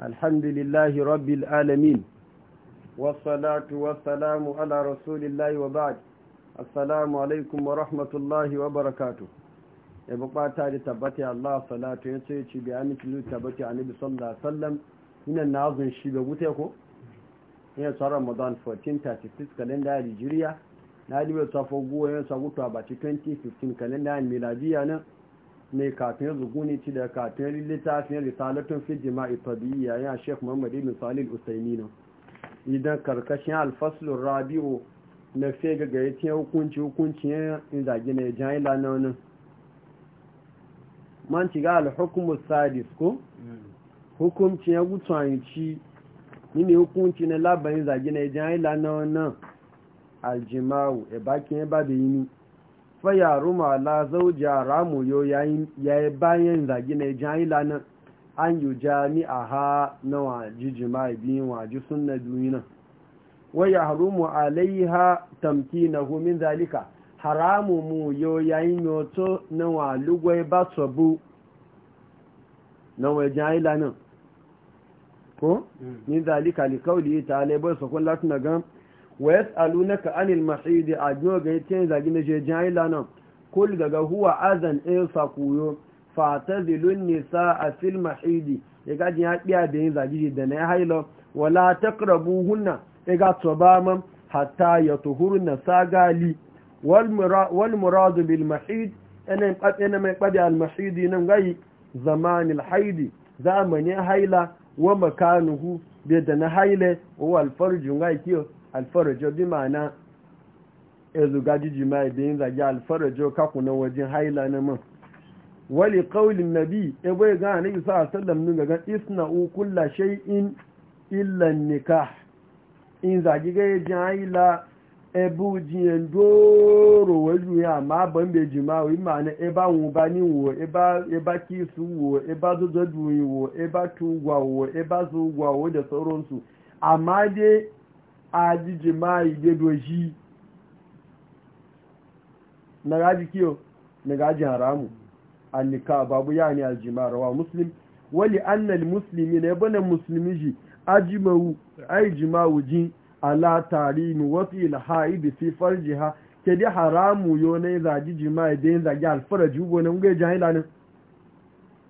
alhamdulillahi rabbil alamin wassalatu wassalamu ala rasulillahi wa ba'd assalamu alaikum wa rahmatullahi wa barakatuh yabo bata da tabbata Allah salatu yace yace bi amincin tabbata annabi sallallahu alaihi wasallam ina nazin shi da gute ko ina tsara ramadan 1436 calendar hijriya na dibe tsafo go yana sabuta ba 2015 calendar miladiya na mai kafin zuguni ci da kafin littafin risalatun fi jima'i tabi'iyya ya sheikh muhammad ibn salil usaimino idan karkashin alfaslun rabi'u na fi gaga ya ce hukunci hukunci ya zagi na jan ila na wani man ci ga alhukumu sadis ko hukunci ya gutuwanci nini hukunci na labarin zagi na jan ila na wani aljima'u ya e bakin ya ba da yini faya ruma la zauja ramu yo yayi bayan zagi na jahila nan an yi jami'a ha na waji jima'i biyun waji sunna duniya waya harumu alaiha tamki na min zalika haramu mu yo yayin yoto na walugwai ba sabu na waje jahila nan ko mm. min zalika likawli ta alaibar sakon latin na gan wa ka anil mahidi a joga ce zagi na jejin jahila nan kul daga huwa azan in zilun fatazilun a fil mahidi ya gaji ya biya da yin zagi da na hailo wala hunna ya ga tsobama hatta sa sagali wal muradu bil mahid yana mai kadi al mahidi nan gai zamanin haidi zamanin haila wa makanuhu bai da na haile wa alfarjin gai kiyo alfarajo bi ma'ana ezuga jijima ibeyin zage alfarajo kakunan wajen haila na man wali kaulin nabi ebe ga anabi sa sallam nun gagan isna'u kulla shay'in illa nikah in zage ga yajin haila ebu jiyan doro waju ya ma ban be jima wi ma na e ba won ba ni wo eba kisu e ba ki su wo eba ba zo wo eba ba wo e ba su gwa wo da sauransu amma dai ajiji mai gedo shi na gaji kiyo na gaji haramu annika babu ya ni aljima rawa muslim wali annal muslimi na yabanan musulmi shi ai aijimawu jin ala tarimi wata ilha'i da fi farjiha ke dai haramu yo na yi zaji jima'i da yin zagi alfaraji ugo na ngai jahila ne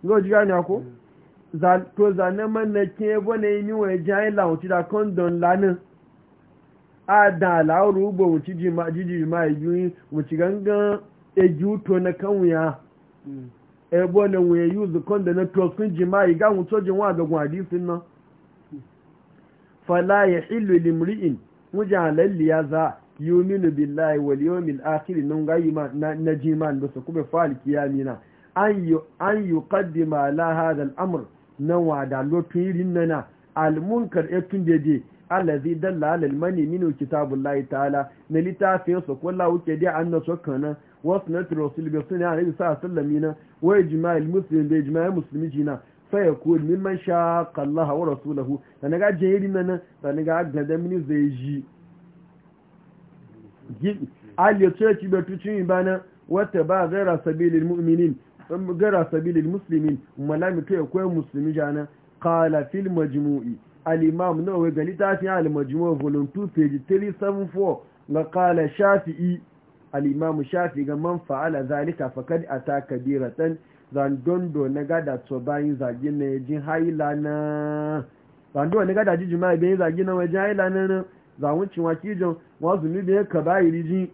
ngai ji gani ako mm. to zane man na ke bane yi niwa jahila wuce da lanin A da lauru ugbo wuci jijiri ma ejuyi wuci gangan eju to na kanwuya mm. ebo na wuye yuzu da na tosun jima'i ga wuto jin wa gagun hadisin na mm. fala ya hilu limri'in wujan halalliya za yuminu billahi wal yawmil akhir nan gayi na jiman da su kuma fal kiyamina an yu an yuqaddima la hadha al amr nan wa da lotun irin nana al munkar etun dede allazi dalla alal mani minu kitabullahi ta'ala na littafin su kullu wuce dai annas sokana wasnat rasul bi sunna annabi sallallahu alaihi wasallam wa ijma'il muslimin bi muslimin jina fa yakun mimman shaqqa allaha wa rasulahu dan ga jeri nan dan ga gadan mini zai ji aliyo church tucin bana wata ba gaira sabilil mu'minin um, gaira sabilil muslimin malami to yakun muslimi jana qala fil majmu'i al'imam na wai gani ta tashin al'amajimuwa volunteer page 374 ga kala shafi'i al'imamu shafi ga manfa ala zalika fakad a ta kabiratan zandondo na gada to bayan zagi na yajin haila na zandondo na gada jijima bayan zagi na wajen haila na zawuncin wakijin wazumi nubi ya ka bayi rijin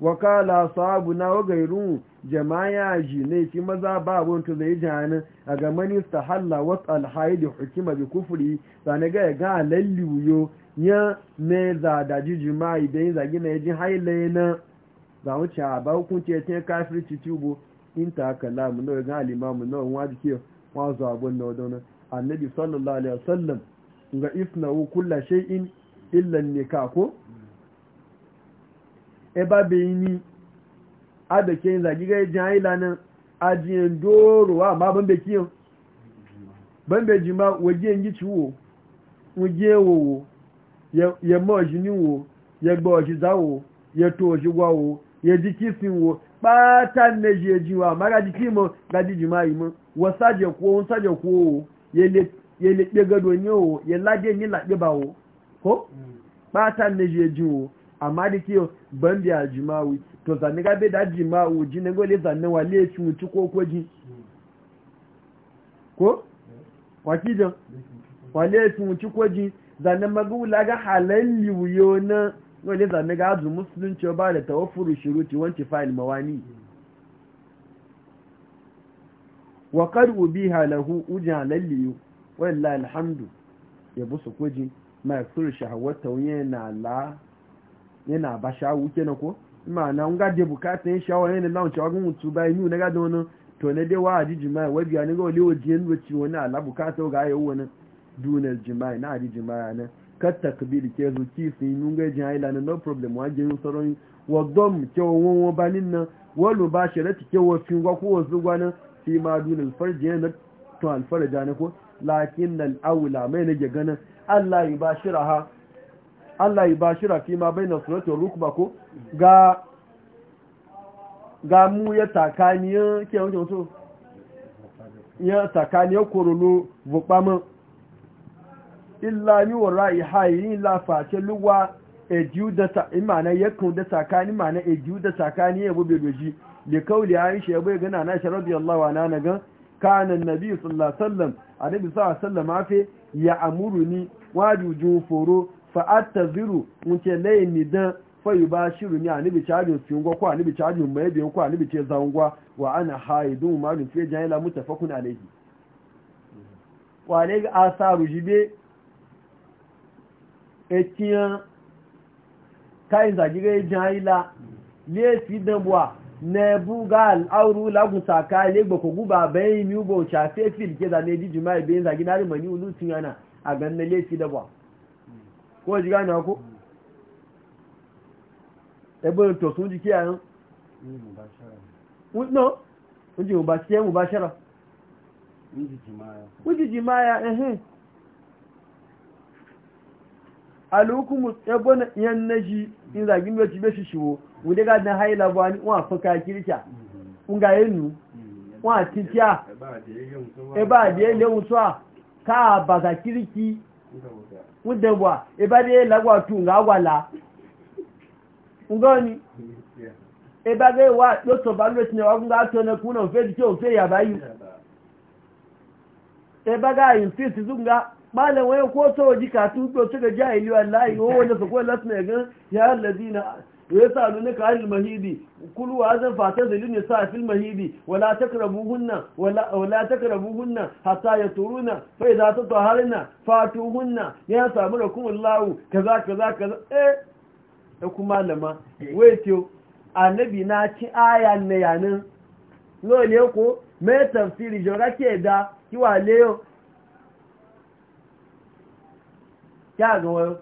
wakala sabu na wagairun jama'a ji ne shi maza ba abun to zai jani a ga minista halla wasu alhaidi hukuma bi kufuri sani ga ga lalliyo ya ne za da jiji ma idan zagi na yajin haile na za wuce a ba ce ya tiyan kafirci tubo in ta haka lamu na ga alimamu na wa jike wa zuwa abun na wadana annabi sallallahu alaihi wasallam ga ifna kulla shay'in illa nikah ko eba bayini a da ke yin zagi ga yajin haila nan ajiyan dorowa ma ban da kiyan ban da jima wajen yi ciwo wajen wowo ya ma ọ̀ṣì wo? ya gba ọ̀ṣì záwò ya tó ọ̀ṣì wáwò ya ji kífin wo pátá méjì ya jiwa ma gaji kí mọ́ gaji jima yi mọ́ wọ́n sájẹ̀ kó wọ́n sájẹ̀ kó o ya lè pẹ́ gado ní o ya ládé ni làgbé ba wo? ko pátá méjì ya jiwo amma da kiyo ban biya jima'u to zane ga bai da jima'u ji na gole zane wa le ci mutu ko ko ji ko waki jan wa le ci mutu ko ji zanne magula ga halalli wuyo na gole zane ga azu musulunci ba da shiru shuruti wanci fa'il mawani wa qad ubiha lahu wani wallahi alhamdu ya busu koji ma shahawar shahawata na la yana ba shawu na ko ma na nga de bukata yin shawara yana lawan cewa gun mutu bayan yi na don wani to ne dai wa a ji jima'i wa biya ne ga wali wajen yin wuci wani ala bukata ga yau wani duna jima'i na a ji jima'i na ka takbir ke zo kifin yin ga jin haila la no problem wa soro wa dom ke ba nin na wa lu ba shi rati ke wafin gwa ko wasu na fi ma dunar farji na to alfarja na ko lakin al awula mai ga ganin allah yi ba shi raha Allah yi ba shira fi ma bai na suratun rukba ko ga ga mu ya takaniyar ke wajen so ya takaniyar korolo vukpamin illa yi wa ra'i hayi lafashe luwa ejiyu da ta imana e yakun da takani mana ejiyu da takani ya bube doji da kauli aisha ya bai gana na shi radiyallahu ana na gan kanan nabi sallallahu alaihi wasallam a nabi sallallahu alaihi wasallam ya amuru ni wajujun foro fa'attaziru wuce layin nidan fayu ba shiru ni a nibi cajin fiyungwa ko a nibi cajin mai biyan ko a nibi ce zangwa wa ana haidun marin fiye jan yana mutu fakun alaihi wale ga asaru jibe etiyan kayan zagire jan ila lefi danbuwa na ebu ga al'auru lagun saka ile gbako guba bayan yi ugbo shafe fil ke zane jijima ibe yin zagi na rimani ulu tun yana a ganin lefi danbuwa ko ji gane ko ẹgbẹ́ tó sún jí kí no oúnjẹ mú bá ṣe mú bá ṣẹ́ra oúnjẹ máa ya ẹ̀hìn alhukumu ẹgbọ́n yẹn na ṣi ìzàgí ní ọtí bẹ́ ṣiṣiwo wùdé gádìí haila bọ́ wọn a ẹbá àdìẹ́ lẹ́hùn wúdẹ̀wà ìbádé lágbàtù ńgáwàlá ǹgọ́ni ìbádé wà lótò bá lótò ní ọgbọ́n gátọ́ ní kúnnà fẹ́ tí ó fẹ́ yàbá yìí ìbádá ìfíìsì zúnga pálẹ̀wọ̀n kó tó jí kàtún tó tó gẹjá ìlú aláì owó lọ́sọ̀kọ́ lọ́sìn yasa nuna ka hajji mahidi kullu hadha zan fata zalin ya sa fil mahidi wala takrabu hunna wala takrabu hunna hatta yaturuna fa idha tataharna fatu hunna ya samu rakum Allah kaza kaza kaza eh da kuma lama wai annabi na ci ayan ne yanin lo ne ko me tafsiri jora ke da ki wa leyo ya ga wa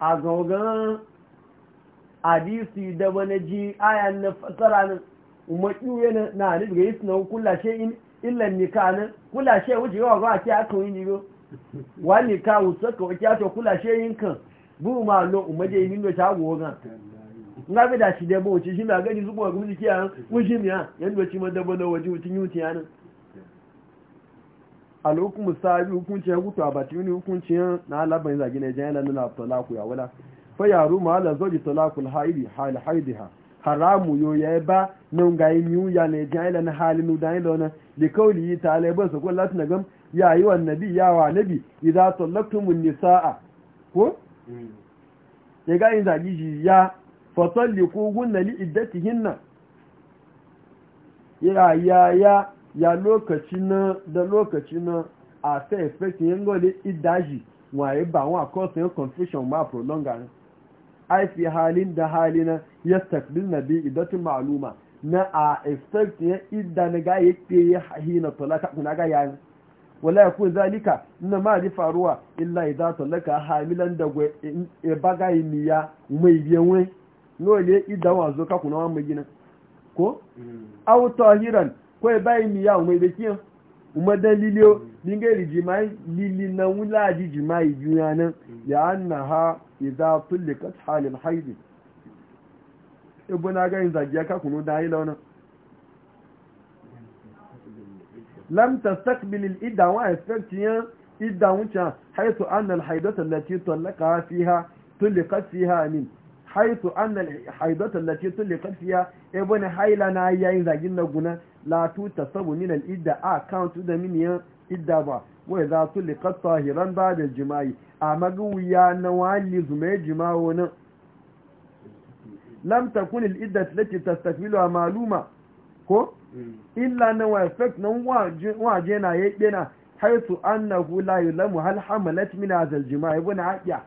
a ga hadisi da wani ji ayan na fasara nan umarci yana na hadisi ga na sunan kullashe in illan nika nan kullashe wuce yawa ga ki? aka yi nigo wani ka wuce ka wuce to kullashe yin kan bu ma lo umarci yi nigo ta goga na bi da shi da bo ci shi ma gani gumi jiki a nan, wuce miya yanda ci ma da bana waje mutun yuti yana al-hukmu sabi hukunci ya gutu a batini hukunci na labarin zagi ne jayan nan na ku ya wala fa ma la zoji talakul haidi hal haidiha haramu yo ya ba nan ga yi miyu ya ne ila na halin da ila wannan li kauli ta ala ba su kullat na gam ya yi wa nabi ya wa nabi idza talaqtumun nisaa ko hmm. ya ga in zagi ji ya fa talliquhunna li iddatihinna ya ya ya ya lokaci na da lokaci na a sai expecting yango le idaji wa e ba wọn akọsin confusion ma prolonger ai fi halin da halina ya takbil na bi idatun ma'aluma na a expect ya idda na ga yake ya hina talaka kuna ga yayin wala yakun zalika inna ma ji faruwa illa idza talaka hamilan da e bagai niya mai biyanwe no le idda wa zo ka kuna wa mai gina ko mm. aw tahiran ko e bai niya mai biyan umadan liliyo ningeli jimai lili na mai jimai nan ya ha idza tulikat halil haidi ibuna ga yin zagiya ka kunu da yi launa lam tastaqbil al idda wa aspectiya idda wuta haythu anna al haidata allati talaqa fiha tuliqat fiha min haythu anna al haidata allati tuliqat fiha ibuna hailana na yayin zagin na guna latu ta sabu minal idda a kan tu da miniyan idda ba wai za su likasta tahiran ba da jima'i a magawuya na wali zume jima'o nan lam takun al'idda lati tastafilu a maluma ko illa na wa effect waje na ya ɗina har su annahu la yulamu hal hamalat min azal jima'i wani haƙiya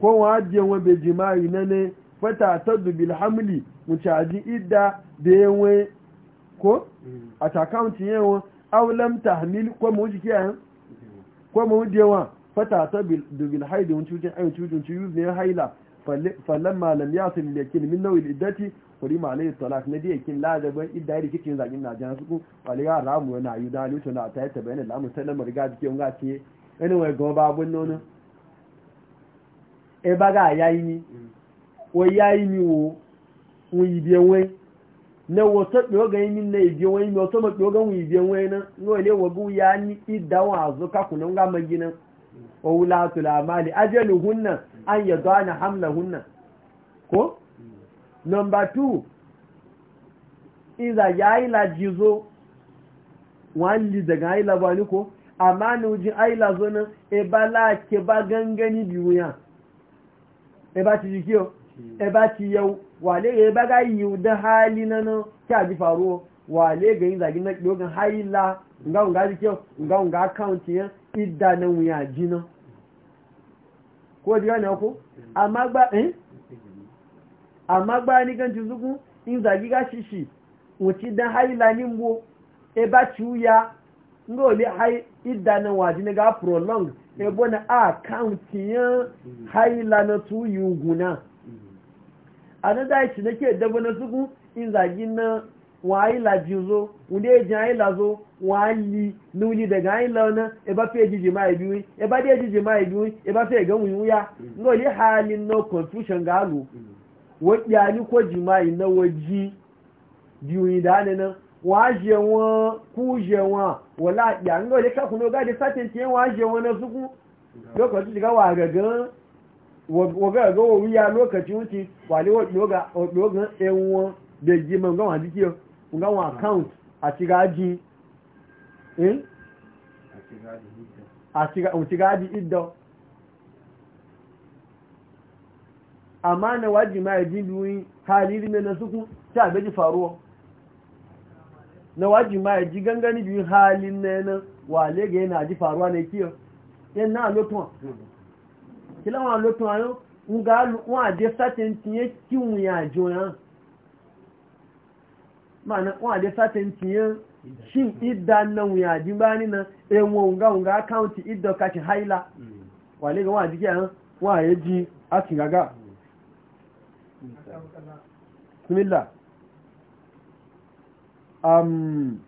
ko waje wa jima'i na ne fata ta dubil hamli mutaji idda da yawon ko a takaunci yawon aulam tahmil ko mu jiki a ko mu dewa fata ta dubil haidi wani cutin ayin cutin cuyuz ne haila fallan malam ya su liyakin min nau'il iddati kuri ma alayhi talak na diya kin lazaban idda da kicin zagin na jana su ku waliya ramu yana yi da ni, lutu na ta ta yata bayanin lamun sallama riga jike wani gaci yanin wai gama babun nono e baga yayi ni o yayi ni wo un yi biyan wai na wato ɗoga yi min na ibiyan wani mai wato maɗi ɗoga wani ibiyan wani nan nawa ne wagu ya ni idawa a zo kaku nan ga magi nan wa wula tula mali ajalu hunna an ya zuwa na hamla hunna ko nomba two iza ya yi laji zo wani daga ya yi labani ko amma na wujin ayi lazo nan e ba la ke ba gangani biyu ya e ba ti jikiyo e ba ti yau wale ba baga yi da hali na nan kya ji faruwa wale ga yin zagi na ɗogin haila nga nga jike nga nga account yan idda na wuya jina ko ji gane ko amma gba eh amma gba ni kan tizuku in zagi ga shishi wuci dan haila ni mbo e ba ciuya nga ole hai idda na waji ne ga prolong e bona account yan haila na tu yuguna a na da shi nake dabo na suku in zagi na wayi la jizo unde je ayi la zo wali nuli daga ayi la na e ba fe jiji mai biwi e ba de jiji mai biwi e ba fe ga wuyu ya no li halin no confusion ga lu ya yani ko yi na waji biwi da ne na wa je won ku je won wala ya ngo le ka kuno ga de satin ti won wa je won na suku lokacin ga wa gagan waga ga wa wuya lokaci wuce wale wa yoga dogon ɗanwa da ji man gawa a shiga aji a shiga aji amma na waji ma yaji biyu haliri ne na suku ta beji faruwa na waji ma yaji gangani biyu halin ne na wale ga yana ji faruwa ne kiyo yana kí láwọn lótún ayọ́ ń ga wọ́n àdé sátẹ̀ tìyẹ́ kí wọ́n yà àjò yán wọ́n àdé sátẹ̀ tìyẹ́ kí ìdá náà yà àjí bá nínà ẹwọ̀n òǹgá òǹgá káùntì ìdọ̀kàtì haila wà lè wọ́n àdíkẹ́ yán wọ́n àyẹ́ jí àtìgagá Bismillah. Um,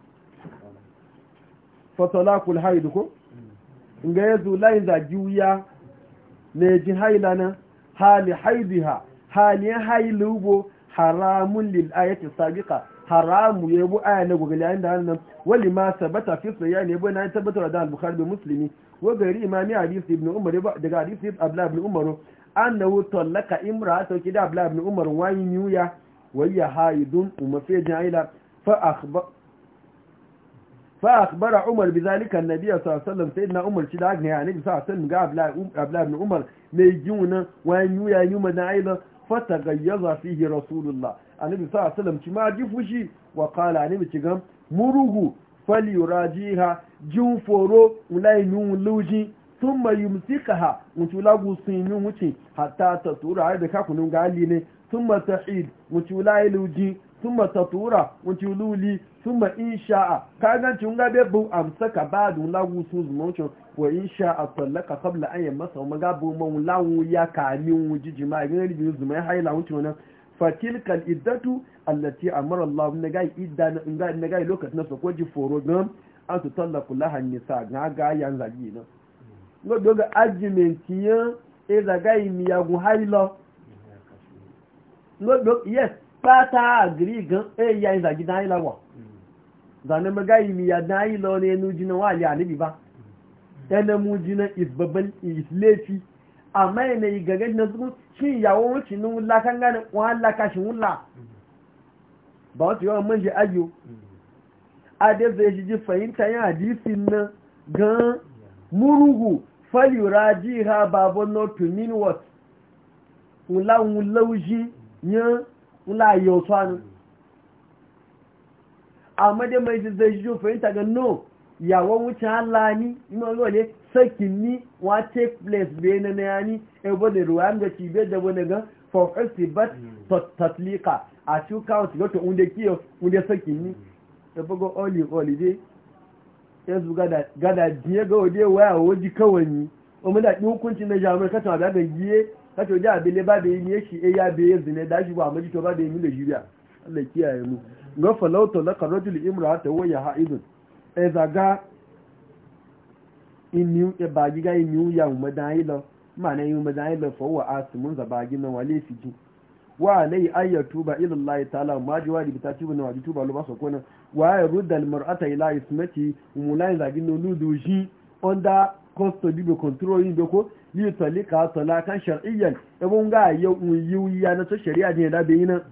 Fatolakul haidu ko? Nga yanzu layin zaji ne ji haila nan hali haidiha ya hailu bo haramun lil ayati sabiqa haramu ya bu aya na gugali da hannun wali ma sabata fi sayya ne bu na tabbatar da al-bukhari muslimi wa gari imami hadisi ibn umar daga ibn abla ibn umar annahu tallaka imra'atu da abdullah ibn umar wa yuya wa ya haidun umma fi jahila fa akhbar فأخبر عمر بذلك النبي صلى الله عليه وسلم سيدنا عمر شداغ يعني النبي صلى الله عليه وسلم قال أبلا بن عمر ميجونا يا يوم أيضا فتغيظ فيه رسول الله النبي صلى الله عليه وسلم كما جفشي وقال النبي تقام مروه فليراجيها جون فورو ولاي نون لوجي ثم يمسكها وتلاقوا سينو حتى تطور عيدك كنون غالي ثم تحيد وتلاي لوجي summa satura wuci luli summa insha'a kagan ci nga be bu amsaka badu lagu su zumunci wa insha'a tallaka qabla an yamsa wa magabu man lawu ya kami wuji jima'i ne rijin zumai haila wuci wannan fatilka al-iddatu allati amara Allah na gai idda na na gai lokacin sa ko foro gam an su tallaku lahan nisa na ga yan zagi na no doga argument yan e zagai mi yagu haila no yes pátá àgírí gan ẹ̀yà ìzàgí dáyé lọ́wọ́ zanamaga ìmìyà dáyé lọ ní ẹnu jína wà lè àníbì bá ẹnẹmú jína ìsbabban ìsìlẹ́fì àmá ẹ̀nà ìgagẹ́ jína sókún sí ìyàwó wọn sì ní ńlá kángánà na gan yẹn ńlá ayé ọ̀tọ́ àánú àmọ́dé mọ́ ìdí zai jíjó fẹ́ ìtàgà náà ìyàwó wúcin ni ní inú ọlọ́ọ̀lẹ́ sẹ́kì ní wọ́n take place bẹ́ẹ̀ nẹ́nẹ́ ya ní ẹgbọ́n e ní ruwa ń gẹ̀ẹ́kì ìbẹ́ dẹ̀bọ́ nẹ̀gán for to bat tọ̀tàtlíkà àti count lọ́tọ̀ oúnjẹ kí ọ oúnjẹ sẹ́kì ní ẹgbọ́gọ́ ọlì ọlì dé yanzu gada díẹ̀ gọ́ọ̀dẹ́ wáyà ó di kawai ni ọmọdé àti hukuncin na jami'ar katon kace ja bele ba da yi eshi eya eh, be yanzu da dashi ba maji to ba da yi da jibiya Allah kiyaye mu law to la rajul imra'ata wa ya haidun eh zaga inu e ba ga inu ya mu da yi lo na yi mu da yi lo wa asmun za ba na wale fiji wa alai ayatu ba ila Allah ta'ala ma ji wadi bita ci wa wadi tuba lo ba so na wa ya rudda mar'ata ila ismati umulai zagin no ludu ji onda custody bai control yin ko yi talika talakan shar'iyyan ibn ga yau wuya na to shari'a da bai nan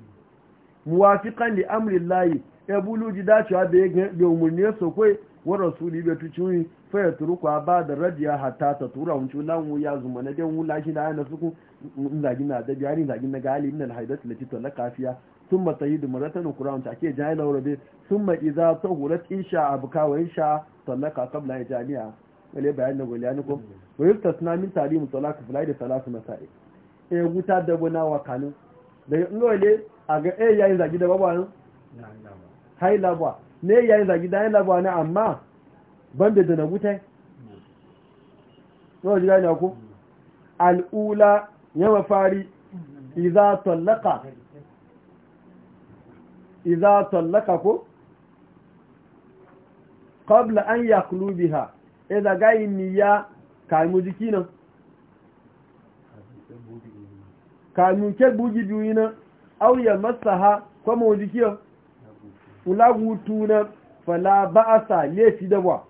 muwafiqan li amri llahi ebulu ji dacewa bai ga umurni so kai wa rasuli fa ya ba da radiya hatta ta tura mun culan ya zuma na dan wula shi da na suku zagin na da jari zagin na gali min alhaidat lati talaka fiya ثم تهيد مرة أخرى وانت أكي جاهل وربي ثم إذا طهرت إن شاء أبكى وإن شاء طلقها قبل إجانيها wale bayan na goliya nukun wa yi tasna min tari mu talaka fulai da salatu masa'i e wuta da na wa kanu daga in wale a ga e yayin zagi da babawa nan hai labuwa ne yayin zagi da yayin labuwa ne amma ban da da na wuta yau ji gani ko al'ula ya mafari iza tallaka iza tallaka ko قبل أن yaqlu بها ya zaga yi niya kaimu jiki nan kaimu ke bugi biyu nan auya masa ha kwamo jiki nan ulagutu na fala ba a sa lefi dabuwa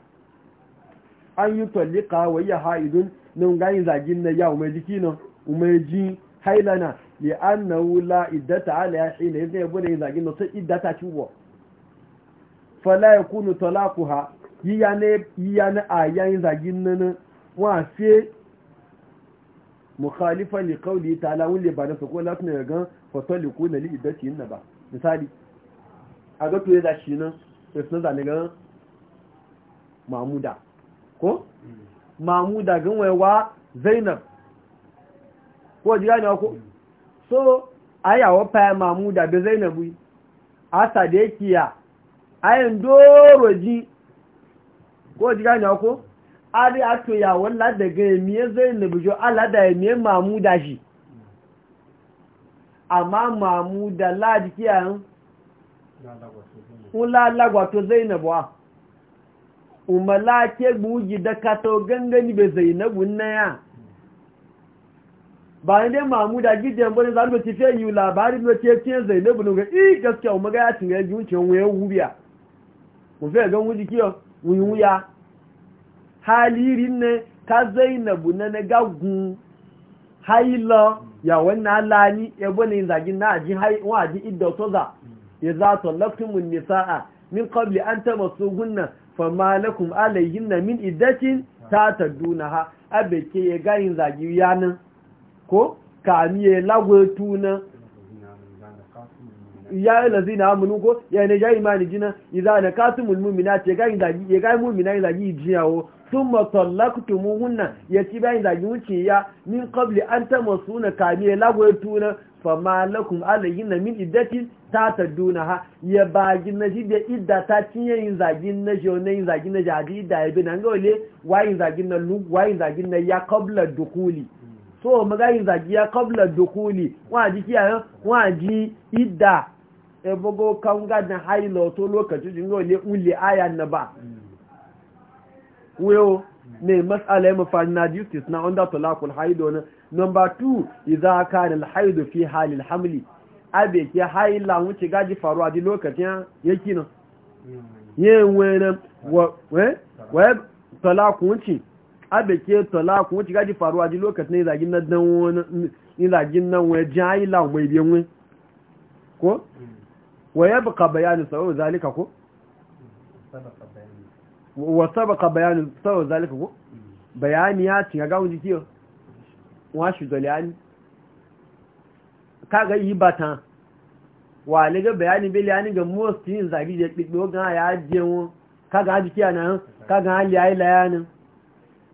an yi tallika wa iya ha'idun nan gayin zagin na ya umar jiki nan umarji hailana le an na wula idata ala ya shi na yi zai bude yin zagin na sun idata ciwo fala ya kunu talaku yíya ní àyà ìzàgí nínú wọ́n a fi mukhalifa lè kọ́ lè ta aláwọ̀ lè bàdán sọ̀kọ́ látún ẹ̀rẹ̀ gan fọ́tọ́ lè kó nàlẹ́ ìdọ́tí ń nàbà misali agọ́tò ẹ̀dà ṣì ẹ̀sùn gan mahmuda ko mm. mahmuda gan wọ́n zainab ko mm. so pa mahmuda bẹ zainab ko ji gani ko ari ato ya walla daga miye ne bujo ala da miye mamuda shi amma mamuda laji kiyan wula lagwato zainabu a umala ke buji da kato gangani be zainabu na ya ba ne mamuda gidan bane za mu tafiya yi labari da ke tiyan zainabu ne ga i gaskiya umaga ya tinga yi wuce wuya wubiya mu fe ga wuji kiyo wuyuya halirin ne ka zainabu na na gagun hailo ya wani lani ebo ne zagi na aji waji idda toza ya za to laftumun nisa'a min kabli an tamassuhunna fama alayyin na min iddatin ta ha abin ke ya gayin zagi yanin ko kamiye na. ya yi lazi na amunu ko ya ne ja imani jina iza na kasu katumul mumina ce ga ya ga mumina ya yi jiyawo sun mu hunna ya ci bayan zagi wuce ya min kabli an ta masu na kamiya lagwai tuna fama lakum alayi na min iddatin ta ta duna ha ya bagi na shi da idda ta cinye yin zagi na shi wani yin zagi na shi hadi idda ya bi na ga wale wayin zagi na lu wayin zagin na ya qabla dukuli so maga yin zagi ya kabla dukuli wa ji kiyaye wa ji idda ebogo kan gadin haila to lokaci jin yau ne ule ayan na ba wayo ne matsala ya mafi na justice na under talakul haido na number 2 iza ka da haido fi halil hamli abe ke haila wuce gaji faru a di lokacin yaki nan yin wani web talakun wuce abe ke talakun wuce gaji a di lokacin izagin na dan wani izagin nan wani jihar la mai biyan wani ko wa yabqa bayani sawa zalika ko wa sabaqa bayanu sawa zalika bayani ya ci ga wani wa shi zaliani kaga yi batan wa le bayani be ga most yin zagi je biddo ga ya je won kaga aji kiya nan kaga ali ayi layanin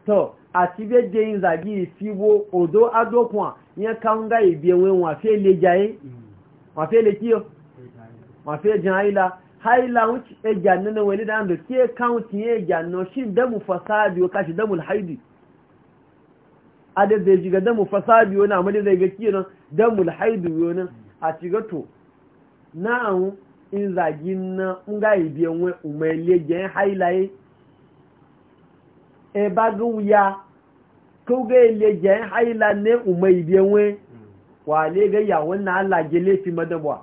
to àti bí ẹjẹ́ ìzàgí mafi jin haila haila wuce ya gyanni na wani da ke kawunti ya gyanni shi damu fasadiyo kashi damu haidi a da zai shiga damu fasadiyo na amma zai ga kiran damu haidiyo na a shiga to na'an in zagi na ngayi biyan umarle gyan hailaye e ba ga wuya ko ga ile gyan haila ne umarle Wa wale ga ya yawon na alagele fi madabuwa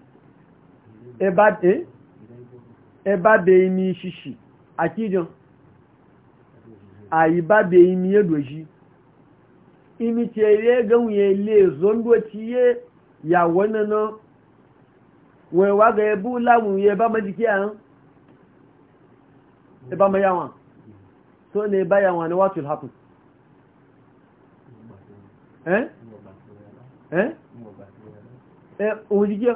ẹbábe imi ṣíṣì àkíjọ àyíbábe imi èdòṣí imi tí eré gẹ́hùn yẹ lè zọ́ndọ̀ tí yẹ yàwó nínú wọ̀n wá gẹ̀ ẹbú láwùn yẹ bá mẹ́jì kí àán ẹbá mẹ́ yàwọn tó ní ẹbá yàwọn ni what will happen eh eh òun jíjẹ́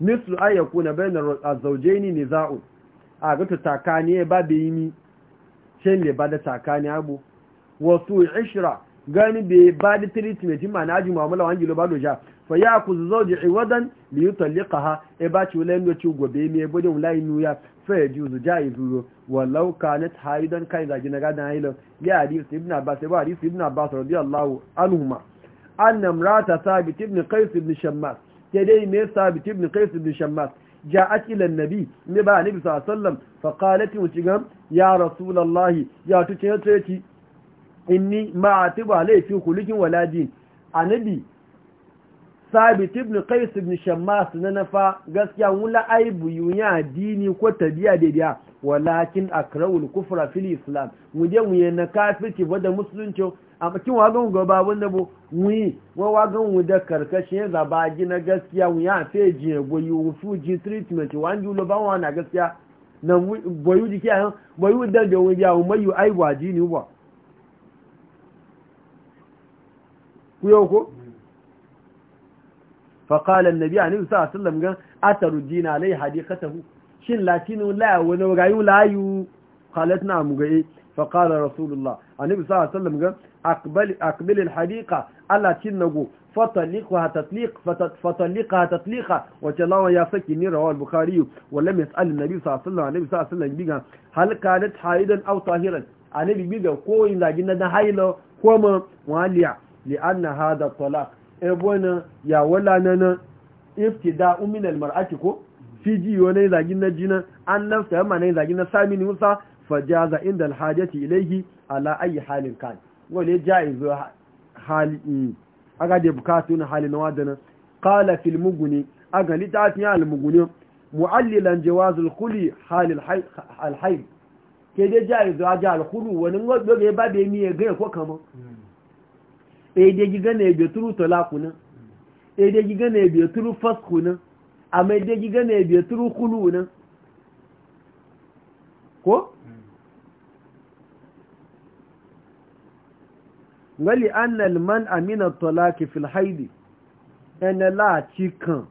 mislu an ya kuna bayanar azaujaini ne za'u a gata takani ba bai yi mi le ba da takani abu wasu ishira gani bai ba da treatment ma na aji mu'amala wani gilo ba ja fa ya ku zauji iwadan li yi tallika ha e ba ci wula yin ci gobe mai gudun e wula nuya fa ya ji zuja yi zuro wallau ka na haidan kai zagi na gadon hailon ya hadisi ibn abbas e ba ibn abbas radiyallahu anhuma annam rata sabit ibn qais ibn shammas ke dai me sabit ibn qais ibn shammas ja'at ila annabi ne ba annabi sallallahu alaihi wasallam fa qalat mujigam ya rasulullahi ya tuce tuce inni ma atibu alayfi kulikin waladin annabi sabit ibn qais ibn shammas na nafa gaskiya wula aibu yunya dini ko tabiya daidai walakin akrawul kufra fil islam mu je mu yana kafirci wa da musulunci a cikin wagan gaba wanda bu wi wa wagan wu da karkashin zaba ji na gaskiya wu ya fe ji boyu su ji treatment wan julo ba wa na gaskiya na boyu ji an boyu da da wu ya mayu ai wa ji ni wa ku yau ko fa qala annabi alaihi wasallam gan atarudina alai hadiqatahu shin latinu la wa rayu layu qalat na mu ga eh. faƙala rasulullah annabi sa sallam ga akbil alhadiqa Allah cin nago fataliqa tatliq fataliqa tatliqa wa talawa ya saki ni rawal bukhari wa lam yas'al annabi sa sallam annabi sa sallam biga hal kanat haidan aw tahiran annabi biga ko in zagin na hailo ko ma waliya hada talaq e ya wala nan ibtida'u min almar'ati ko fiji wani na jina an nafsa yamma ne zagin na samini musa fajaza inda alhajati ilaihi ala ayi halin kan wani jaizu hali mm, aga da bukatu na halin na wadana qala fil muguni aga litatin al muguni muallilan jawaz al khuli hal ke da jai aga al alhulu wani godo ga ba be mi e ga ko kama mm. e de giga ne e be turu na? e de giga ne e be turu na? A mai de giga ne be turu khuluna ko wali annal man amina talaki fil haidi ene la cikan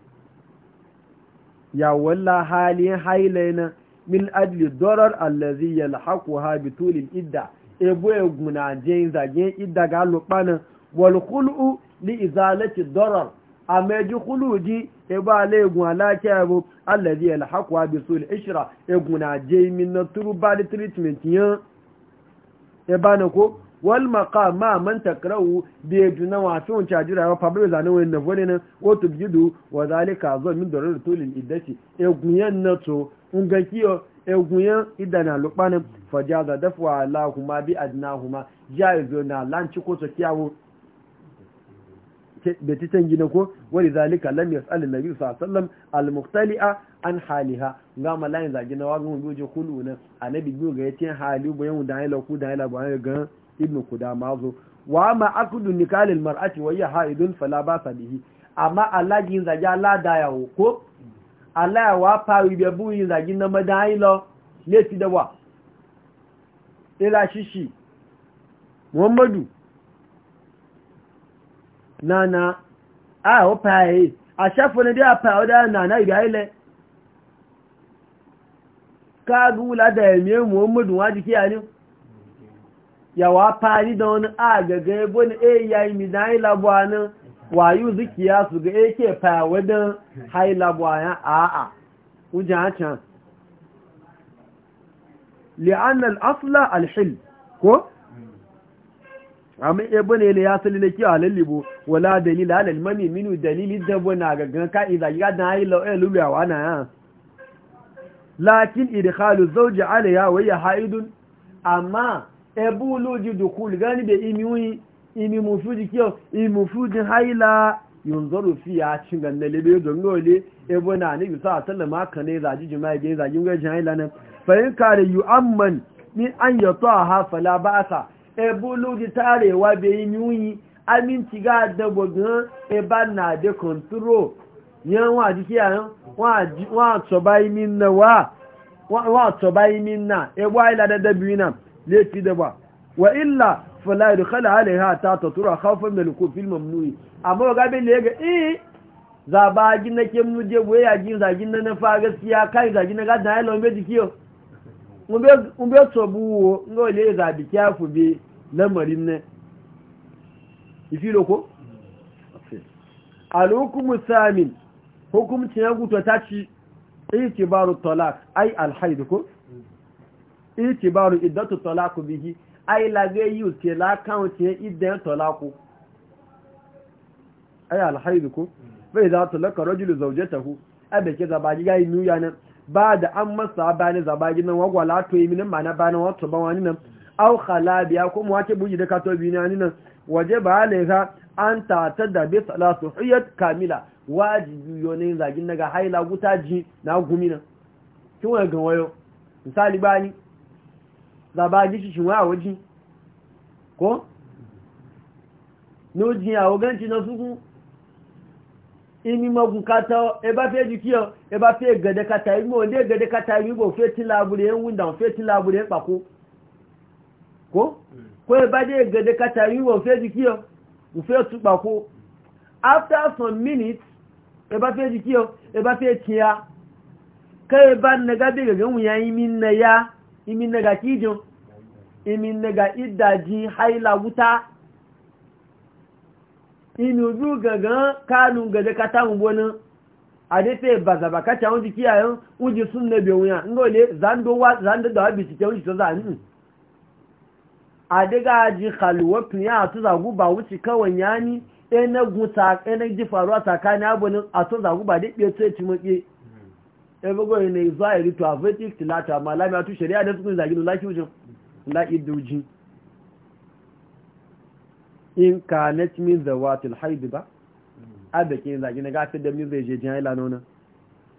ya walla halin hailaina min ajli darar allazi ha bi tuli idda ebo eguna jin zage idda ga lupana wal khulu li izalati darar ameji khuluji ebo ale egun alake ebo allazi ha bi sul ishra eguna jin min na turu bali treatment yan ebana ko wal maqam ma man takrahu bi yaduna wa tun chajira wa fa bai zanin wannan wani nan wa tubjidu wa zalika zo min darar tulil iddati egunyan na to ungan kiyo egunyan idana lupanin fajaza dafwa allahuma bi adnahuma jaizo na lanci ko to kiyawo da titan gina ko wani zalika lam yas'al nabi sallallahu alaihi al-mukhtali'a an haliha ga malayin zagina wa ga mu biyo je kuluna annabi biyo ga yatin hali bayan da ya lauku da ya labarin ga ibnu kudama zo wa ma akudu nikalil mar'ati wa hiya haidun fala basa bihi amma Allah yin zaji Allah da ya ko Allah ya wa wi be bu yin zaji na madai lo le ti da wa ila e shishi Muhammadu nana a o pae a shafo ne dia pa o da nana ibi aile ka gula da e mi e Muhammadu wa jiki ani yawa fari da wani agaga ya bane e eh, yayi mi na yi labuwanin wayu zikiya su ga ake eh, fayawa don hai labuwanin a'a wujen hacan li'annal asla alhil ko? amma ebe bane ne ya sali na kiwa lallibo wala dalila alalmani minu dalili dabo eh, na gaggan ka'iza ya da hai lalubawa na yan lakin idikhalu zauji alaya waya haidun amma ẹbú lójú dùkú lùgání bẹ imi wí kí ọ ìmùsùlùmí haila yunzoro fi ya cin ganna lebe don gole ebo na ni bisa sallama kan ne zaji jima'i da zaji gajin haila nan fayin kare yu amman ni an yato a hafala ba sa ebo lójú tarewa bẹ imi wí aminci ga dabo gan na de control yan wa imi na wa wa tsoba imi na laifi da ba wa illa fala yadkhala alaiha ta tatura khawfan min kufil mamnu'i amma ga bin ne ga eh za ba gin ke mu je boye ya gin za gin na fa gaskiya kai za gin na ga da lo me dikiyo umbe umbe to buwo ngo le za bi kya fu bi lamarin ne ifilo ko alhukumu samin hukumcin ya gutu ta ci itibaru talak ai alhaidu ko itibaru iddatu talaku bihi ai lage yi ce la count ya iddan talaku ai alhaidu ko bai za ta laka rajulu zaujatahu abe ke zabagi yayi nuya nan ba da an masa bani zabagi nan wagwala to yi min mana bani wato ba wani nan aw khalabiya ko mu wake buji da kato bi nan nan waje ba alaiha an ta ta da bi salatu hiyat kamila wajibi yonin zagin daga haila guta ji na gumi nan kin wani gan wayo misali bani bàbá jíṣìṣì wọ́n àwọ́jí kó ní ó jí àwọ́gán ti na súnkún inimọ̀gùn kata ẹbá fẹ́ jù kí ọ ẹbá fẹ́ gẹ̀dẹ̀ kata ìgbò ní gẹ̀dẹ̀ kata ìgbò fẹ́ tí láàbùrẹ̀ ń wùndà fẹ́ tí láàbùrẹ̀ pàkó kó kó ẹbá dé gẹ̀dẹ̀ kata ìgbò fẹ́ jù kí ọ fẹ́ tún pàkó after some minutes ẹbá fẹ́ jù kí ọ ẹbá fẹ́ tí a kẹ́ ẹbá nẹgá bẹ̀rẹ̀ gẹ̀gẹ̀ wùnyà ya imi nẹgà kí jùn imin ga idaji haila wuta inu zu gangan kanun gada katangun wani adefe bazaba kacha wọ́n ti kí àyán wọ́n ti sún nẹ́bẹ̀ òun yàn ní olè zandodawa bí tìkẹ́ oúnjẹ sọ́zà nínú adégáàjì kàlùwọ́ pìnyà àtúzàgúbà wọ́n ti kọwọ̀ yà ní ẹnẹ́gí faru àtàkà ní abọ́ni àtúzàgúbà dípẹ́ tó ti mọ́ pé ẹgbẹ́gbẹ́ ìrìnà ìzọ́ àìrìtò àfẹ́tìkì látà la'idoji in ka netmi zawatul haidu ba a da ke zagi na gafi da min zai je jini lanonin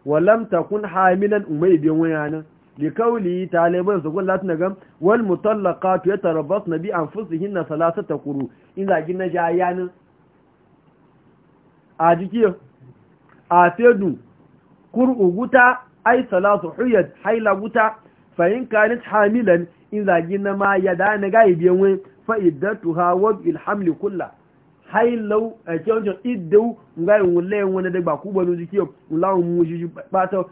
walamta kun haminan umar biyan nan. li kawuli ta laibon su kun lati na gan wal mutallaka tuye tarabas na bi an fusi hin na salasa ta kuru in zagi na ja nan. a jiki a fedu kuru guta ai salasa huyar haila guta fahimka ni haminan in zagi na ma ya da na ga biyan wani fa'idatu ha wa ilhamli kulla hailau a eh, kyautar nga ngayi wulayen wani da ba ku banu jiki yau wulawun mu shi bata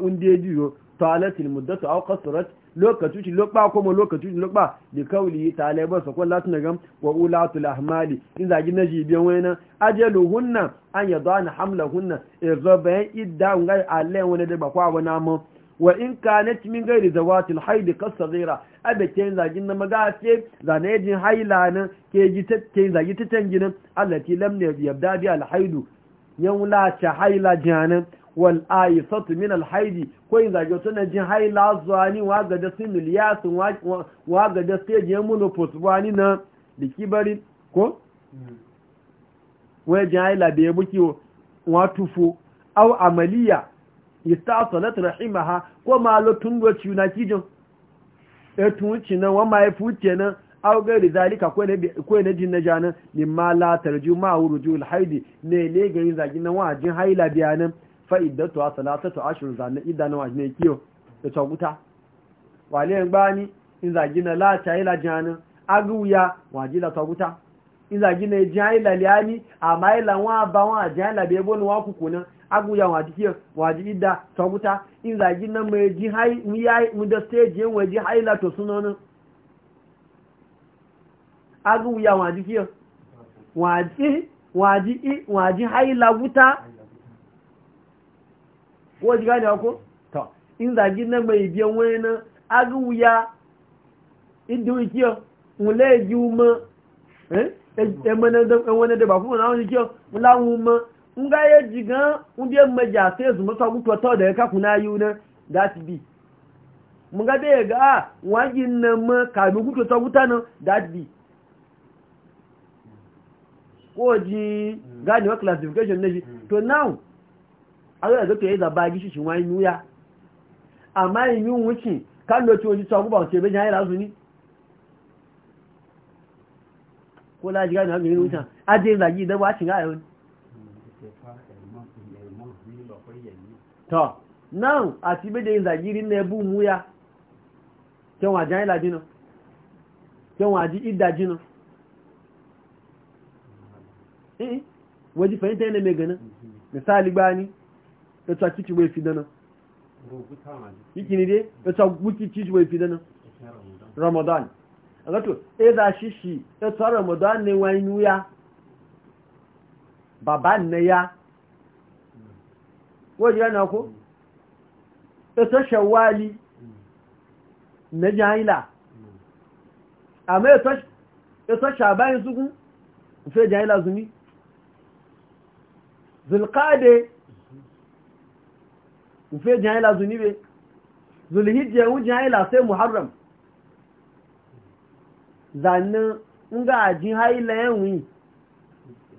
un da ya jiyo talatin muddatu au kasurat lokacin shi lokpa kuma lokacin lokpa da kauli taliban sa kwallo tun gam wa ulatul ahmali in zagi na jibiyan wani ajalu hunna an yadda na hamla hunna irzo e bayan idda ngai alayen wani da ba kwa wani amma wa in kanat min gairi zawatil haidi kasagira abe ke zagin na magace zane jin haila nan ke ji ke zagi ta tangin allati lam ne yabda bi al haidu yan la ta haila janan wal aisatu min al haidi ko in zagi to jin haila zuwani wa ga da sinul yasin wa ga da stage yan monopause wani na dikibari ko mm. wa jin haila bai buki wa tufu? aw amaliya istasalat rahimaha ko ma lo tungo ciuna kijin e tunci na wa mai fuce na aw ga rizalika ko ne ko ne jin na jana mimma la tarju ma wurujul haidi ne ne yin zagi na wajin haila biyanan fa iddatu salatatu ashur zanna idan wajin kiyo da taguta wale gbani in zagi na la ta haila jana aguya wajin da taguta in zagi na jin haila liyani amma wa ba wa jin haila be bonu wa kukunan aguya waji waji idda taguta in zagi nan mai ji hai mu yayi mu da stage ha ịla haila to sunonin aguya waji na waji waji waji haila wuta ko ji na nga ya jiga ndi maja sai su masa gutu da ka kuna yi na da ti bi mun ga da ga wajin nan ma ka mi gutu ta guta nan da bi ko ji mm. ga ni wa classification ne mm. to now ayo ga to yi da ba gishi shin wani nuya amma yin wuce kan lo ti oji ta guba ce be jan ila su ni ko la ji ga na mi wuta a je da ji da wa shin ga ayo ni to nan a ti bede yin zagiri na ebu mu ya kyan wa jan ilaji na kyan wa ji idaji na eh, eh. waji fahimta yana mai ganin misali gbani ya ta kici wai fi dana ikini dai ya ta wuki kici wai fi dana ramadan a gato ɗaya eh za shi shi ya ta ramadan ne wani nuya bàbá nìyá wọ́n jẹ́ náà kó ètò ṣẹ̀wálì nìyà ìlà àmọ́ ètò ṣàbáyìn súnkún fẹ́ jẹ́ ìlà zumi zulkade fẹ́ jẹ́ ìlà zuni ń jẹ́ sai muharram zanen ń ga ajin haila yawon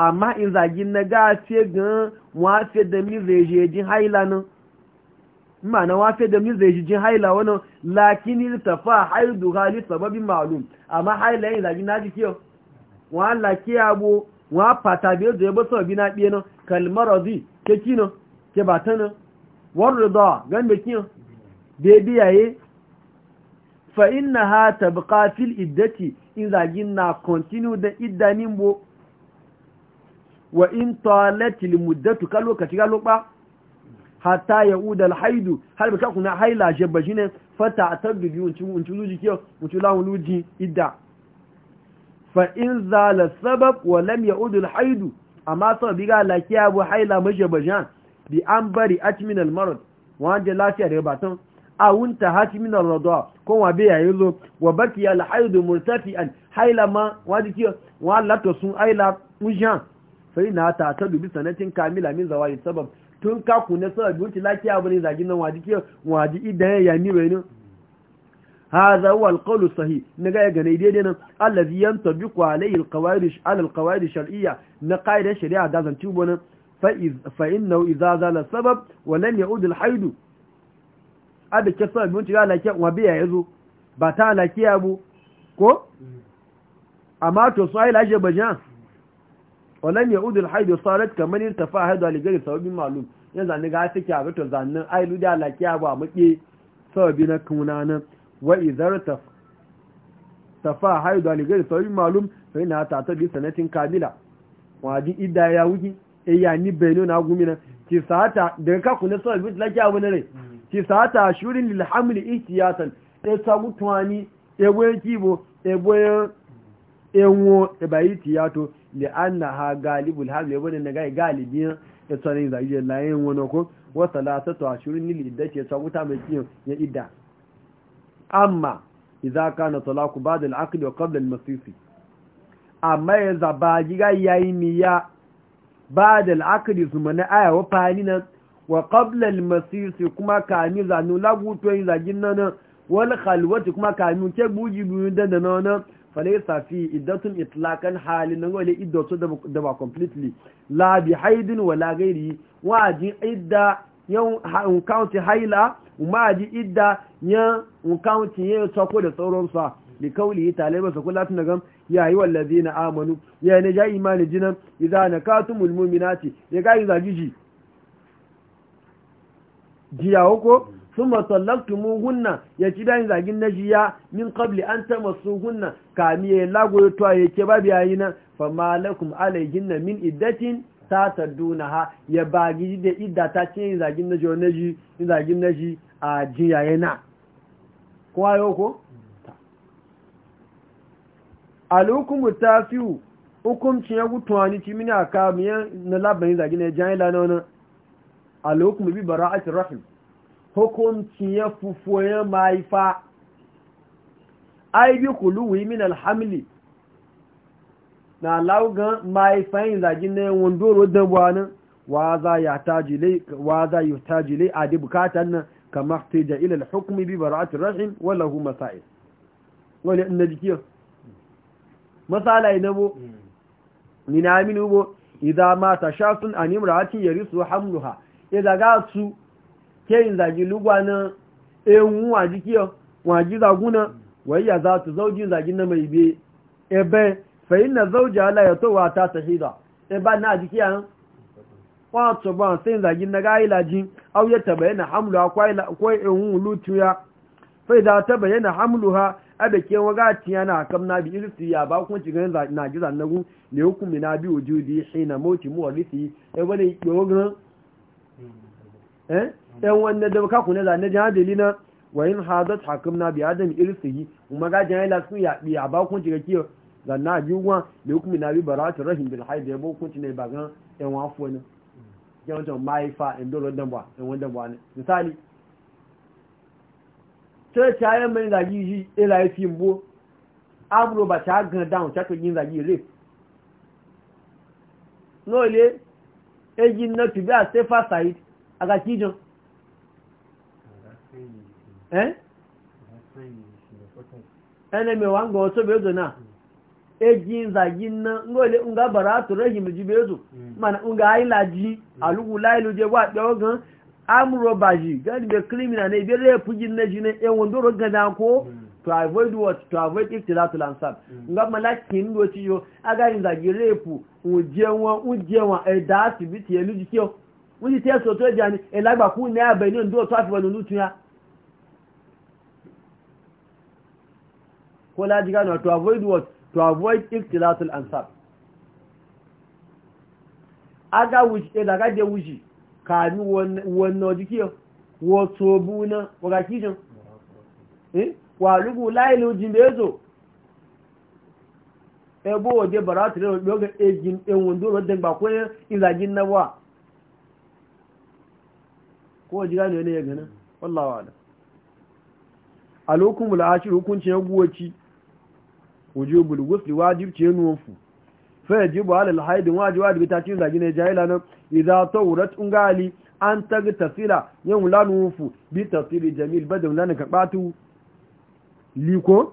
amma in zagin na gafe gan wafe da mi zai je jin haila nan ma'ana wafe da mi zai je jin haila wannan lakini tafa fa haidu hali sababin ma'alum amma haila yin zagin na jike wa laki abu wa fata biyar da ya bata wa bina ɓiye nan kalmar zi ke kino ke bata nan wani da gan da kino da ya biyaye fa na ha tabqa fil iddati in zagin na continue da iddanin bo wa in talatil muddatu ka lokaci ga hata ya yauda alhaidu har baka kuna haila jabba shine fata atadu bi unci unci luji kiyo unci lawun luji idda fa in zala sabab wa lam yauda alhaidu amma sababi ga lakiya bu haila majabajan bi an bari min almarad wanda lafiya da batun awun ta hati min arrada ko wa be yayin zo wa baki al haid an haila ma wadi ki wa la to sun aila mujan sai na ta ta dubi sanatin kamila min zawai sabab tun ka ku ne sabab wuce lafiya bane zagin nan waji ke waji idan ya ni ha za huwa alqawlu sahi na ga ne daidai nan allazi yantabiqu alayhi alqawaid ala alqawaid shari'a na qaida shari'a da zan tubo nan fa iz fa innahu zala sabab wa lam yaud alhayd ada ke sabab wuce ga lafiya wa biya yazo ba ta lafiya bu ko amma to sai lafiya bajan walam ya udul haidu sarat kamar yin tafa haidu aligari sababin malum yan zane ga ta kya bato zanen ailu da alakiya ba muke sababi na kunanan wa izar tafa haidu aligari sababin malum sai na ta ta bi sanatin kamila wadi idda ya wuki e ya ni beno na gumina ki sata daga ka kuna sababi lakiya wani rai ki sata shurin lil hamli ihtiyatan e ta mutuwani e boye kibo e boye enwo ya to le anna ha galibul bo wani na gai e ya tsanin zaje layin wani ko wata lasatu a shirin ni idda ce ta wuta mai kiyon ya idda amma idza kana talaku ba'da al-aqd wa qabla al-masisi amma ya zaba ga yayi ya ba'da al-aqd zuma na aya wa fani na wa qabla al-masisi kuma kani zanu lagu to yin zagin nan wal khalwati kuma kani ke buji dan na nan falaisa fi iddatun itlakan hali nan wale iddatu da ba completely la bi haidin wala gairi waji idda yau un county haila umaji idda ya un county yan sako da sauransa li kauli talaba sa kullatu na gam yayi na amanu ya ne ja imani jinan idza nakatumul mu'minati ya ga izajiji jiya ko summa sallaktumu ya ci bayan zagin na jiya min qabli an tamassu hunna kami ya lagoyo to ya ke babu yayi nan fa malakum alayhinna min iddatin tataddunaha ya bagi da idda ta ce zagin na jiya na ji zagin na ji a jiya yana ko ayo ko alhukumu hukumcin ya gutuwani ci mini aka miyan na labarin zagin na jiya lana wannan alhukumu bi bara'atir rahim hukunci ya fufuwa mahaifa ai bi kuluwi min alhamli na laugan mahaifayin zagi na yawon doro dabuwanin wa za ya tajile a di bukatan nan kamar ta da ilil hukumi bi bara'atu rahim wallahu masa'il wani ina jikiyar masala ina bo na aminu bo idan mata shafin animrati yarisu hamluha idan ga su kẹ́yìn zàjí lúgbà náà ehun àjí kí ọ náà wọ́n za tó zọ́jú zàjí náà mai ẹbẹ́ e fẹ̀yìn e na zọ́jú aláyọ̀ wà ta sahida ẹbá náà àjí kí à ń wọ́n tọ̀bọ̀ sí na gáyì lají auye tàbẹ̀ hamlu ehun ya da na hamlu na bi irisi ya ba kun ci ganin na giza na ɗan wannan da kaku na zane jihar dalilin wayin hadat na bi adam irsihi kuma ga jihar la sun ya biya ba kun jiga kiyo zanna bi wa da hukumi na bi baratu rahim bil hayd ya bo kun ne ba gan ɗan wafo ne ya wata mai fa in dole dan ba in wanda ba ne misali ce ta yi mai zagi yi ila yi bo amro ba ta gan down ta kin zagi rape no le ejin na to be a safer side ga kijin eh eji nzagi na n'oge nga baratu rahim ji bezo hmm. mana nga ilaji hmm. alugu lailu je wa do gan amro baji gani be criminal ne be rape ji na ji ne e wondoro gada ko hmm. to avoid what to avoid iftilatul ansab nga malakin do ti yo aga nzagi o ti tẹ́ tó ko laji gano to avoid what to avoid ikhtilatul ansab aga wuji e eh, daga de wuji ka ni won wonno dikiyo wo to buna ga kijin eh wa lugu lailu jimbezo ebo eh, o ga e jin e eh, won do ro rodde gba ko e jin na wa ko jira ne ne ya gana wallahi wala alukumul ashir hukuncin ya guwaci wujubul ghusl wajibci nufu ji bu ala haidin wajib wajib ta cin zagi ne jahila nan idza tawrat ungali an tagi tasila yau la nufu bi tasili jamil badal lan ka batu liko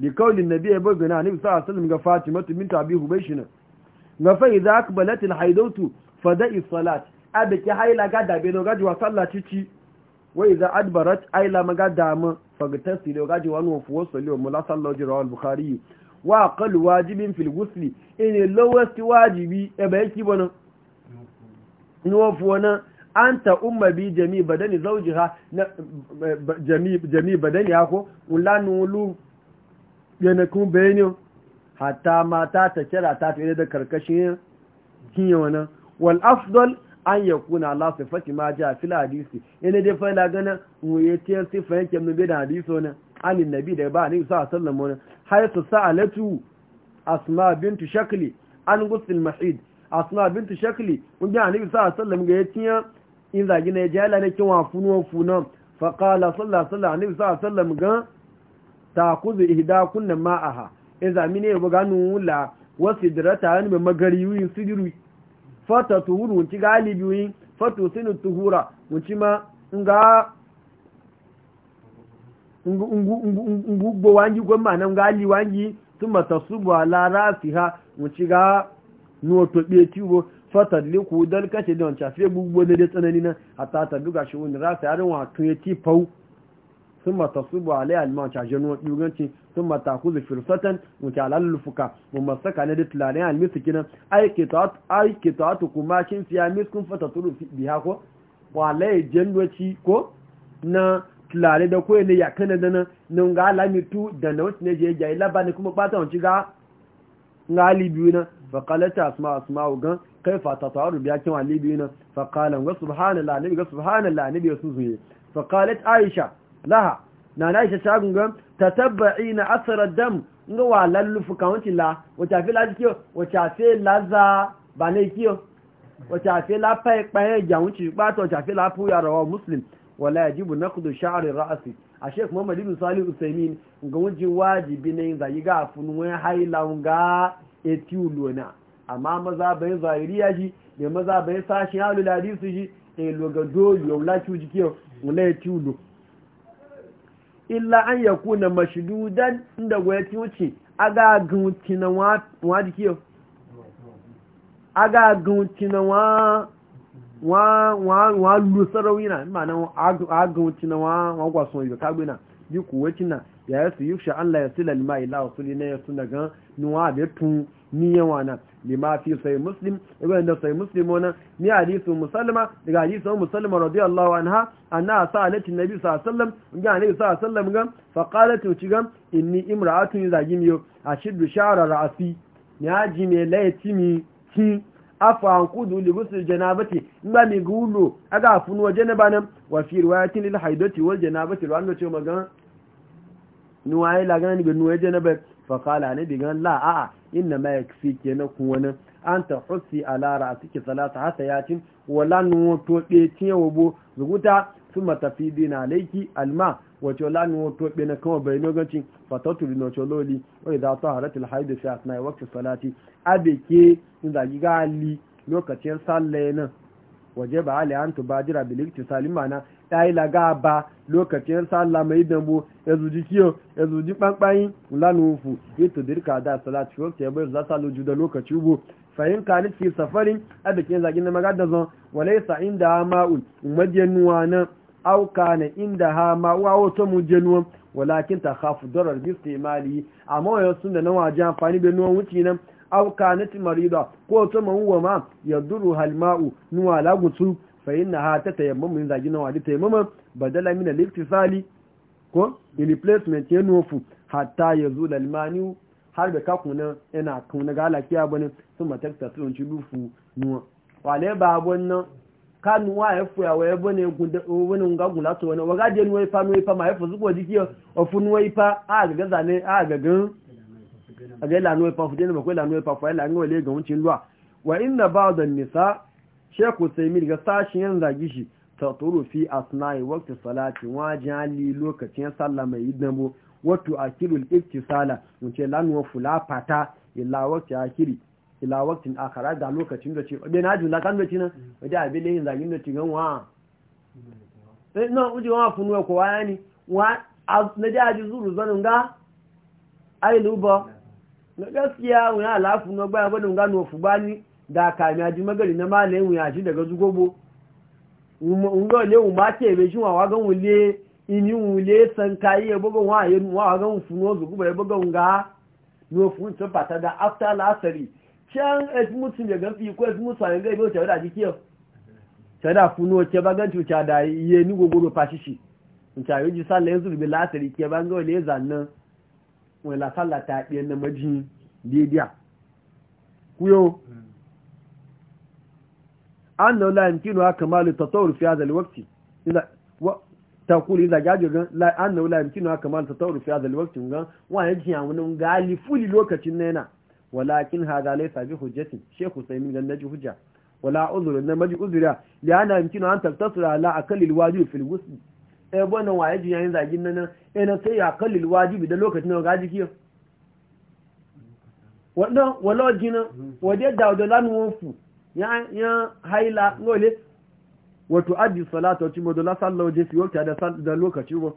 li kauli nabi ya bagana nabi sallallahu alaihi wasallam ga fatima bint abi hubayshina ga fa idza aqbalat alhaydatu fada'i salat abiki haila ga dabe no gaji wa sallati ci wai za adbarat aila maga dama fagtar silo gaji wani wafuwa salo mulasan lojira wal bukhari wa aqal wajibin fil ghusli in lowest wajibi e ba yake bana ni wafuwa na anta umma bi jami badani zawjiha na jami jami badani yako ulanu lu yana kun bayani Hata mata ta kira ta fi da karkashin kiyawana wal afdal an ya kuna Allah su fati ma ji a fila hadisi yana dai fa'ila gana wuye ta sifa yankin nubi da hadisi wani anin nabi da ba a nabi sa'a sallam wani har su sa'alatu asma bintu shakli an gusul mahid asma bintu shakli kun ji a nabi sallama sallam ga ya tiya in zagi na ya ji halala kin wa funo funo faƙala sallah sallah nabi sa'a sallam ga ta kuzu ihda kunna ma'aha in zami ne ya buga nula wasu dirata wani mai magari yuyin sidiru fata tuhuru wunci galibi yin fata sinu tuhura wunci ma nga ngugbo wangi gwamma ma nan gali wangi tun mata subu ala rafi ha wunci ga noto ɓe tiwo fata liku don kashe don shafe gugbo da dai tsanani na a ta duka shi wani rafi harin wa tun ya ti fau ثم تصب عليها الماء عشان يوغنتي ثم تاخذ فرصه متعلفك ومسك على دلالين المسكين اي قطعه اي قطعه كماشين فيها مسكن فتطر بها كو walai jandoci ko na tulare da kawai ne ya kana da na nan ga alamitu da na wacce ne je jayi labani kuma bata wanci ga biyu na faƙalata asma asma ugan kai fata tawaru biya kin alibiyu na faƙalan ga subhanallah nabi ga subhanallah nabi sun zuye faƙalat aisha laha na na aisha shagun gan ta tabba'i na asarar dam nga wa lallufu kan wancin la wacce a fi la kiyo wacce a fi la za ba na kiyo wacce a fi la fai e kpaye jawunci bata wacce a fi la fuya rawa muslim wala ya jibu na kudu sha'arin ra'asi a sheik muhammad ibn ga wajen wajibi e na yin zagi ga funuwan haila ga etiulona amma maza bai e zahiriya ji da maza bai sashen halulari su ji a loga dole yau lati jike illa an ya kuna mashidudan inda goya ti wuce agagun wa dikiyo agagun tina wa wa wa wa lu sarawina ma'ana agagun wa wa gwason yo kagbina bi kuwa kina, ya yasu yusha Allah ya sila lima ila wasuli na ya daga nuwa da tun niyan wana lima fi sai muslim ibn da sai muslimo nan ni hadisu musalma daga hadisu musalma radiyallahu anha anna sa'alati nabi sallallahu alaihi wasallam ga nabi sallallahu alaihi wasallam ga. fa qalat tu gam inni imra'atun zagim yo ashiddu sha'ra ra'si ni haji me laiti mi ti afa an kudu li gusul janabati ngba mi gulo aga funu wa janaba nan wa fi riwayatin lil haidati wal janabati ran do ce magan nuwaye lagana ni be nuwaye janaba fa qala ne digan la a'a inna ma yakfi kenan ku wani an ta husi ala suke salata hatta yatin wala nu to de tiye zuguta suma tafidi na laiki alma wato la nu to be na kama bai no fatatu no chololi wa idha taharatil haid fi asna waqti salati abeke zagi gali lokacin salle nan waje ba ali an da bil iktisali mana ta yi laga ba lokacin sallah mai dambu ya zuji kiyo ya zuji ɓanɓayin lanufu ito dirka da salati wakta ya bayar za salo juda lokaci ubu fahim kanit fi safarin abikin zagin na magadda zon wale sa inda ha ma'ul nuwa na auka na inda ha ma'uwa wato mu nuwa walakin ta hafu dorar bisti imali amma wayo sun da na waje amfani bai nuwa wuce nan auka na timarida ko wato ma'uwa ma ya duru halma'u nuwa lagutu fa innaha tatayammamu in zagi na wadi tayammama badala min al-iktisali ko in replacement ya nufu hatta yazul da mani har da kakuna yana kuna ga lafiya bane sun matakta sun ci lufu nuwa wale ba wannan kanu wa ya fuya wa ya bane gunda wani ngagun lato wani waga je nuwa ifa nuwa ifa ma ya fuzu ko jiki ofu nuwa ifa a ga zane a ga gan a ga la nuwa ifa fu je ne ba ko la nuwa ifa fa la ngole ga wuncin luwa wa inna ba'd an-nisa sheku saimin ga yan zagi shi ta turu fi asnai waqti salati wa jali lokacin sallah mai yi wato akilul a mun ce lan lanuwa fula fata illa waqti a kiri ila waktin akara da lokacin da ce bai na jula kan lokacin nan wadda mm. abin yin zagin doci gan wa mm. eh na uji wa funu ko waya ne wa na da ji zuru zanen ga ailuba mm. na gaskiya wani alafunuwa bayan gwadon gano fuba ni da kami aji magari na malayin wuya shi daga zugobo ungo le umma ke be shi wa gan wule ini wule san kai ya bugun wa yi wa gan funo zugu ba bugun ga no fun ta pata da after lasari can es mutu ne gan fi ko es mutu an ga ibo ta jiki yo ta funo ke ba gan tuca da iye ni gogoro pashishi nta yo ji sala yanzu bi lasari ke ba ga wule zannan wala sallata biyan na majin bidiya kuyo hmm. annahu la yumkinu kamalu tatawur fi hadha alwaqt ila wa taqulu idha gaji gan la annahu la yumkinu kamalu tatawur fi hadha alwaqt gan wa yaji ya wani gali fuli lokacin na yana walakin hadha laysa bi hujjati shaykhu saymin gan naji hujja wala uzru na maji uzra li ana yumkinu an taqtasira ala akalli alwajib fi alghusl eh bona wa yaji yayin zagin nan eh na sai akalli alwajib da lokacin na gaji kiyo wannan wala jina wajen da da lamu wofu yan haila ngole wato salatu wato mu madola sallah je fi wata da lokaci ba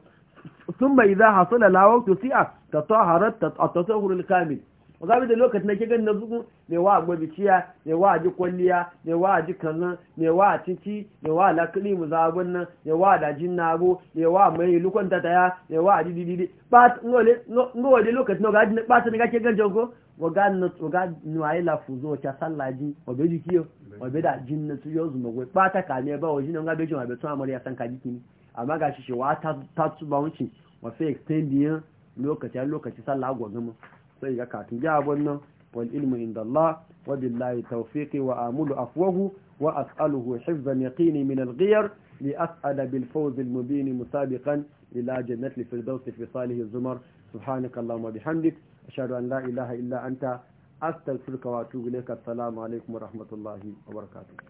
sun mai za hasala la to si'a ta ta a al kamil ba da lokacin na kigan na zuku ne wa a gwabiciya ne wa a ji kwalliya ne wa a ji kanan ne wa a ne wa a lakali mu zaɓin nan ne wa a jin nago ne wa a mai lukon ta taya ne wa a ji didi ba ngole lokacin na gaji na ɓata na gake gan jango? waga nutu waga nuwaye lafuzo wacce sallaji wabe jikiyo wabe da jin nutu yau zuma wai bata ka ne ba wajen nan gabe jin wabe tun amur ya san ka jiki ne amma ga shi shewa ta tuba wuce wafe extendiyan lokaci a lokaci sallah gwagama sai ga katun ya abun nan wal ilmu inda Allah wa billahi tawfiqi wa amulu afwahu wa as'aluhu hifzan yaqini min al-ghiyar li as'ada bil fawz al-mubin musabiqan ila jannati al-firdaws fi salih az-zumar subhanaka allahumma bihamdika ashhadu an la ilaha illa anta astaghfiruka wa atubu ilayka assalamu alaikum wa rahmatullahi wa barakatuh